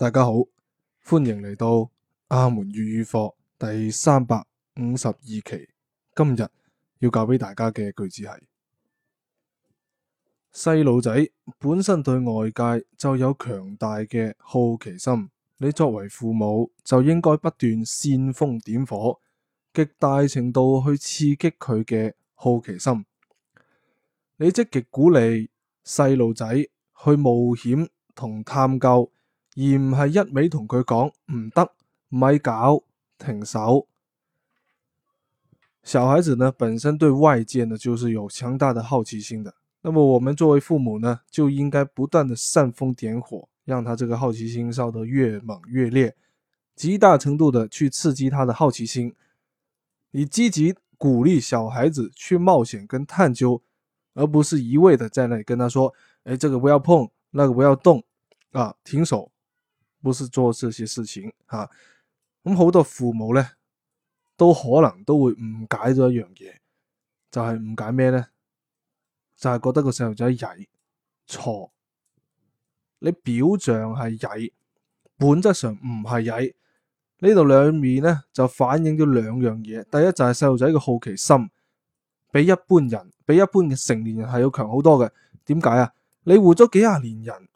大家好，歡迎嚟到阿門粵語課第三百五十二期。今日要教俾大家嘅句子係：細路仔本身對外界就有強大嘅好奇心，你作為父母，就應該不斷煽風點火，極大程度去刺激佢嘅好奇心。你積極鼓勵細路仔去冒險同探究。而唔係一味同佢講唔得，咪搞，停手。小孩子呢，本身對外界呢，就是有強大的好奇心的，那麼我們作為父母呢，就應該不斷的煽風點火，讓他這個好奇心燒得越猛越烈，極大程度的去刺激他的好奇心，你積極鼓勵小孩子去冒險跟探究，而不是一味的在那裏跟他說，誒、哎，這個不要碰，那個不要動，啊，停手。冇事做，做些事情吓。咁好多父母咧，都可能都會誤解咗一樣嘢，就係誤解咩咧？就係覺得個細路仔曳錯，你表象係曳，本質上唔係曳。呢度兩面咧，就反映咗兩樣嘢。第一就係細路仔嘅好奇心，比一般人，比一般嘅成年人係要強好多嘅。點解啊？你活咗幾廿年人？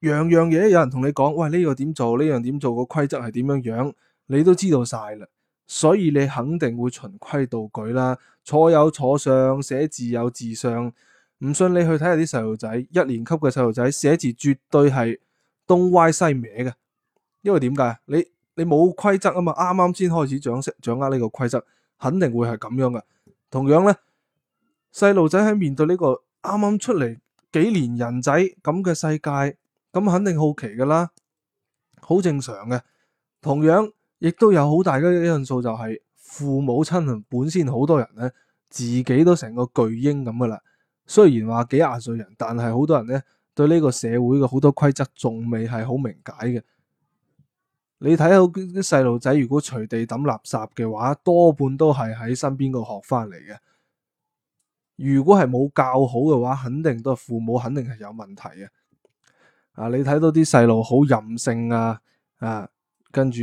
樣樣嘢有人同你講，喂呢個點做，呢樣點做個規則係點樣樣，你都知道晒啦，所以你肯定會循規蹈矩啦。坐有坐相，寫字有字相。唔信你去睇下啲細路仔一年級嘅細路仔寫字絕對係東歪西歪嘅，因為點解你你冇規則啊嘛，啱啱先開始掌握掌握呢個規則，肯定會係咁樣噶。同樣呢，細路仔喺面對呢個啱啱出嚟幾年人仔咁嘅世界。咁肯定好奇噶啦，好正常嘅。同樣亦都有好大嘅因素，就係父母親本身好多人咧，自己都成個巨嬰咁噶啦。雖然話幾廿歲人，但係好多人咧對呢個社會嘅好多規則仲未係好明解嘅。你睇到啲細路仔，如果隨地抌垃圾嘅話，多半都係喺身邊度學翻嚟嘅。如果係冇教好嘅話，肯定都係父母肯定係有問題嘅。啊！你睇到啲細路好任性啊，啊，跟住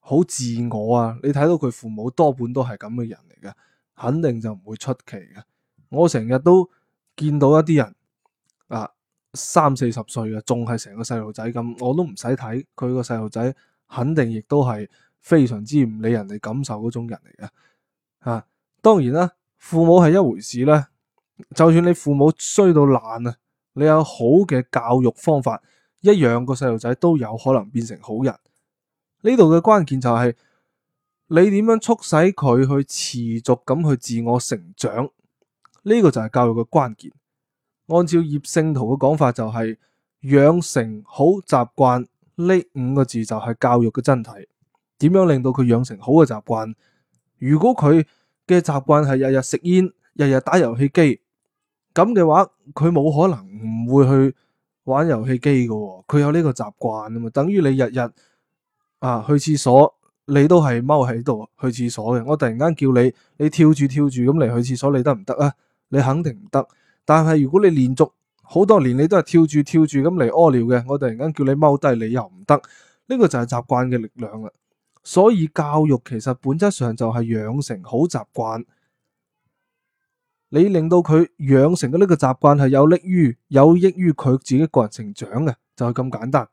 好自我啊。你睇到佢父母多半都係咁嘅人嚟嘅，肯定就唔會出奇嘅。我成日都見到一啲人啊，三四十歲嘅，仲係成個細路仔咁，我都唔使睇，佢個細路仔肯定亦都係非常之唔理人哋感受嗰種人嚟嘅。啊，當然啦，父母係一回事咧。就算你父母衰到爛啊，你有好嘅教育方法，一樣個細路仔都有可能變成好人，呢度嘅關鍵就係、是、你點樣促使佢去持續咁去自我成長，呢、這個就係教育嘅關鍵。按照葉聖陶嘅講法、就是，就係養成好習慣呢五個字就係教育嘅真諦。點樣令到佢養成好嘅習慣？如果佢嘅習慣係日日食煙、日日打遊戲機，咁嘅話，佢冇可能唔會去。玩遊戲機嘅，佢有呢個習慣啊嘛，等於你日日啊去廁所，你都係踎喺度去廁所嘅。我突然間叫你，你跳住跳住咁嚟去廁所，你得唔得啊？你肯定唔得。但係如果你連續好多年你都係跳住跳住咁嚟屙尿嘅，我突然間叫你踎低，你又唔得。呢個就係習慣嘅力量啦。所以教育其實本質上就係養成好習慣。你令到佢養成嘅呢個習慣係有利於、有益於佢自己個人成長嘅，就係咁簡單。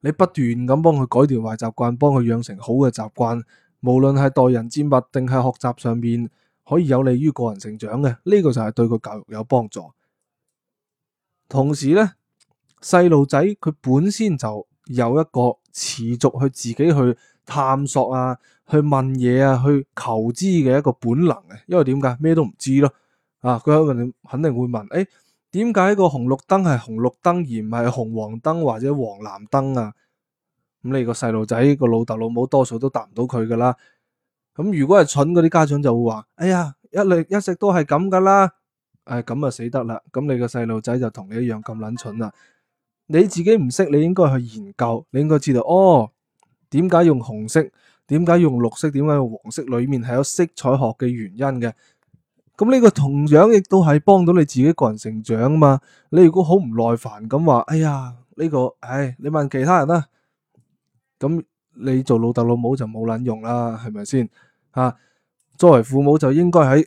你不斷咁幫佢改掉壞習慣，幫佢養成好嘅習慣，無論係待人接物定係學習上面，可以有利於個人成長嘅，呢個就係對佢教育有幫助。同時呢，細路仔佢本身就有一個持續去自己去探索啊。去問嘢啊，去求知嘅一個本能嘅，啊，因為點解咩都唔知咯啊！佢肯定肯定會問，誒、欸，點解個紅綠燈係紅綠燈而唔係紅黃燈或者黃藍燈啊？咁你個細路仔個老豆老母多數都答唔到佢噶啦。咁如果係蠢嗰啲家長就會話，哎呀，一嚟一直都係咁噶啦，誒、哎，咁啊死得啦！咁你個細路仔就同你一樣咁撚蠢啦，啊。你自己唔識，你應該去研究，你應該知道哦，點解用紅色？點解用綠色？點解用黃色？裏面係有色彩學嘅原因嘅。咁呢個同樣亦都係幫到你自己個人成長啊嘛。你如果好唔耐煩咁話，哎呀呢個，唉、哎，你問其他人啦。咁你做老豆老母就冇撚用啦，係咪先？啊，作為父母就應該喺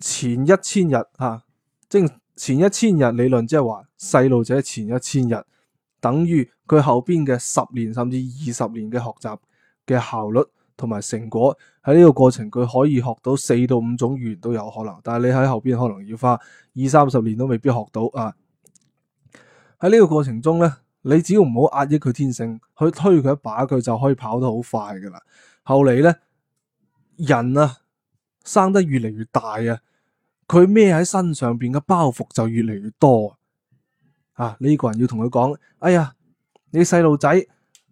前一千日啊，即前一千日理論，即係話細路仔前一千日，等於佢後邊嘅十年甚至二十年嘅學習。嘅效率同埋成果喺呢個過程，佢可以學到四到五種語言都有可能，但係你喺後邊可能要花二三十年都未必學到啊！喺呢個過程中呢，你只要唔好壓抑佢天性，去推佢一把，佢就可以跑得好快噶啦。後嚟呢，人啊生得越嚟越大啊，佢孭喺身上邊嘅包袱就越嚟越多啊！呢個人要同佢講：哎呀，你細路仔。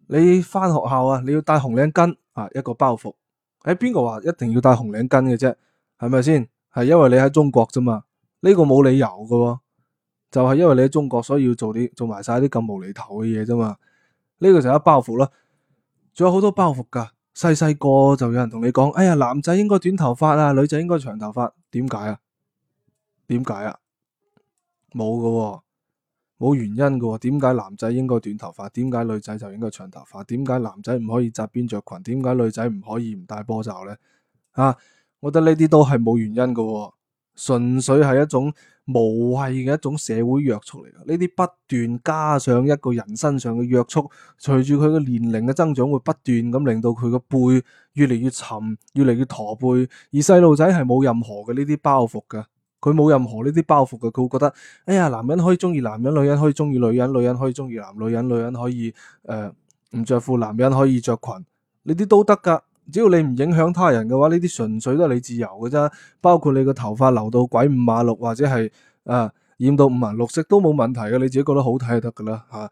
你翻學校啊，你要戴紅領巾啊，一個包袱。喺邊個話一定要戴紅領巾嘅啫？係咪先？係因為你喺中國啫嘛，呢個冇理由嘅喎，就係因為你喺中國，所以要做啲做埋晒啲咁無厘頭嘅嘢啫嘛。呢個就一包袱啦，仲有好多包袱噶。細細個就有人同你講，哎呀，男仔應該短頭髮啊，女仔應該長頭髮，點解啊？點解啊？冇嘅喎。冇原因噶，點解男仔應該短頭髮？點解女仔就應該長頭髮？點解男仔唔可以紮辮着裙？點解女仔唔可以唔戴波罩咧？啊，我覺得呢啲都係冇原因噶，純粹係一種無謂嘅一種社會約束嚟嘅。呢啲不斷加上一個人身上嘅約束，隨住佢嘅年齡嘅增長，會不斷咁令到佢個背越嚟越沉，越嚟越駝背。而細路仔係冇任何嘅呢啲包袱噶。佢冇任何呢啲包袱嘅，佢會覺得哎呀，男人可以中意男人，女人可以中意女人，女人可以中意男女人，女人可以誒唔着褲，男人可以着裙，呢啲都得噶，只要你唔影響他人嘅話，呢啲純粹都係你自由嘅啫。包括你個頭髮留到鬼五馬六，或者係啊、呃、染到五顏六色都冇問題嘅，你自己覺得好睇就得噶啦吓。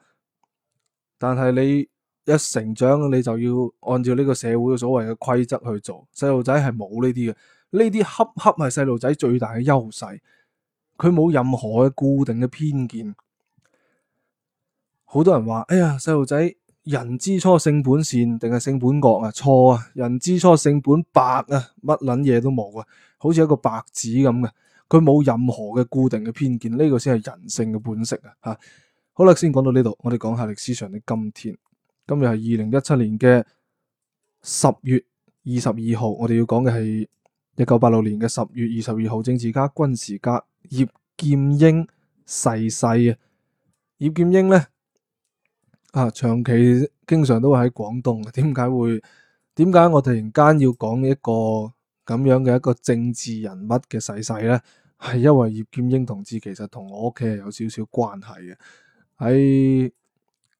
但係你一成長，你就要按照呢個社會嘅所謂嘅規則去做。細路仔係冇呢啲嘅。呢啲恰恰係細路仔最大嘅優勢，佢冇任何嘅固定嘅偏見。好多人話，哎呀，細路仔人之初性本善定係性本惡啊？錯啊！人之初性本白啊，乜撚嘢都冇啊，好似一個白紙咁嘅。佢冇任何嘅固定嘅偏見，呢個先係人性嘅本色啊！嚇，好啦，先講到呢度，我哋講下歷史上嘅今天。今日係二零一七年嘅十月二十二號，我哋要講嘅係。一九八六年嘅十月二十二號，政治家、軍事家葉劍英逝世啊！葉劍英呢，啊，長期經常都會喺廣東。點解會？點解我突然間要講一個咁樣嘅一個政治人物嘅逝世呢？係因為葉劍英同志其實同我屋企係有少少關係嘅。喺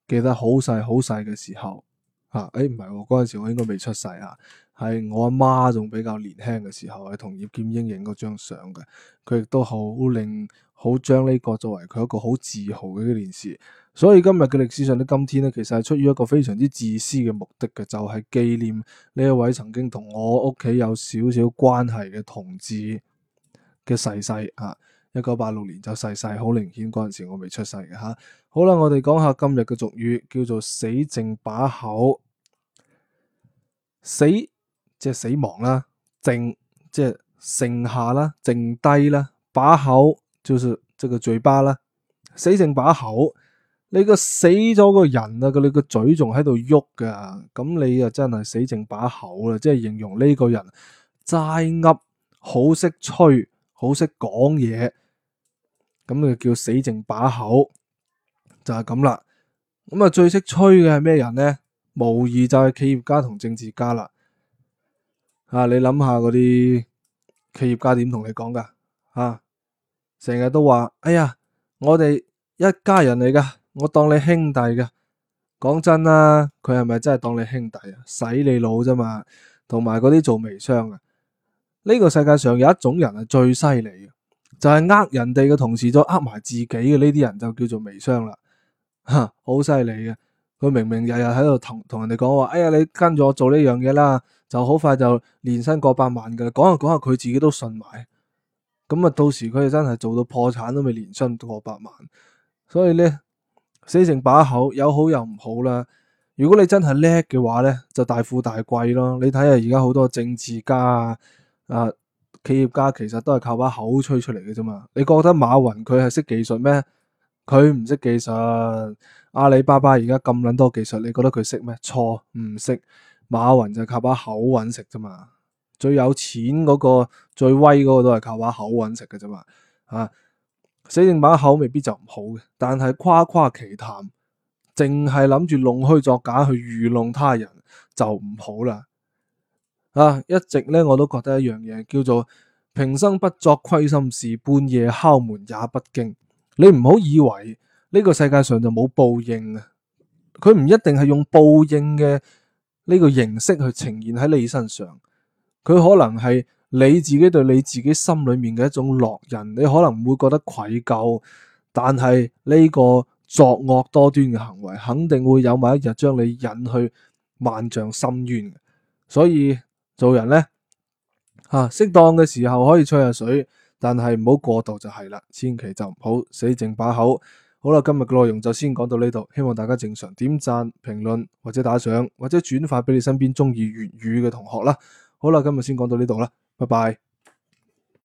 記得好細好細嘅時候啊，誒、哎，唔係、啊，嗰陣時我應該未出世啊。係我阿媽仲比較年輕嘅時候，係同葉劍英影嗰張相嘅，佢亦都好令好將呢個作為佢一個好自豪嘅一件事。所以今日嘅歷史上嘅今天呢，其實係出於一個非常之自私嘅目的嘅，就係紀念呢一位曾經同我屋企有少少關係嘅同志嘅逝世啊！一九八六年就逝世，好明顯嗰陣時我未出世嘅吓。好啦，我哋講下今日嘅俗語，叫做死淨把口，死。即係死亡啦，剩即係剩下啦，剩低啦，把口就是即係個嘴巴啦。死剩把口，你個死咗個人啊，你個嘴仲喺度喐噶，咁你啊真係死剩把口啦，即係形容呢個人齋噏，好識吹，好識講嘢，咁就叫死剩把口，就係咁啦。咁啊，最識吹嘅係咩人呢？無疑就係企業家同政治家啦。啊！你諗下嗰啲企業家點同你講噶？吓、啊，成日都話：哎呀，我哋一家人嚟噶，我當你兄弟噶。講真啦，佢係咪真係當你兄弟啊？洗你腦咋嘛？同埋嗰啲做微商噶。呢個世界上有一種人係最犀利嘅，就係、是、呃人哋嘅同時都呃埋自己嘅呢啲人就叫做微商啦。吓、啊，好犀利嘅，佢明明日日喺度同同人哋講話：，哎呀，你跟住我做呢樣嘢啦。就好快就年薪過百萬噶，講下講下佢自己都信埋，咁啊到時佢哋真係做到破產都未年薪過百萬，所以呢，死淨把口有好有唔好啦。如果你真係叻嘅話呢，就大富大貴咯。你睇下而家好多政治家啊、啊企業家，其實都係靠把口吹出嚟嘅啫嘛。你覺得馬雲佢係識技術咩？佢唔識技術。阿里巴巴而家咁撚多技術，你覺得佢識咩？錯，唔識。馬雲就靠把口搵食啫嘛，最有錢嗰個，最威嗰個都係靠把口搵食嘅啫嘛。啊，死淨把口未必就唔好嘅，但係誇誇其談，淨係諗住弄虛作假去愚弄他人就唔好啦。啊，一直咧我都覺得一樣嘢，叫做平生不作虧心事，半夜敲門也不驚。你唔好以為呢個世界上就冇報應啊，佢唔一定係用報應嘅。呢個形式去呈現喺你身上，佢可能係你自己對你自己心裏面嘅一種落人，你可能唔會覺得愧疚，但係呢個作惡多端嘅行為，肯定會有某一日將你引去萬丈深淵。所以做人呢，吓、啊、適當嘅時候可以吹下水，但係唔好過度就係啦，千祈就唔好死淨把口。好啦，今日嘅內容就先講到呢度，希望大家正常點讚、評論或者打賞或者轉發畀你身邊鍾意粵語嘅同學啦。好啦，今日先講到呢度啦，拜拜。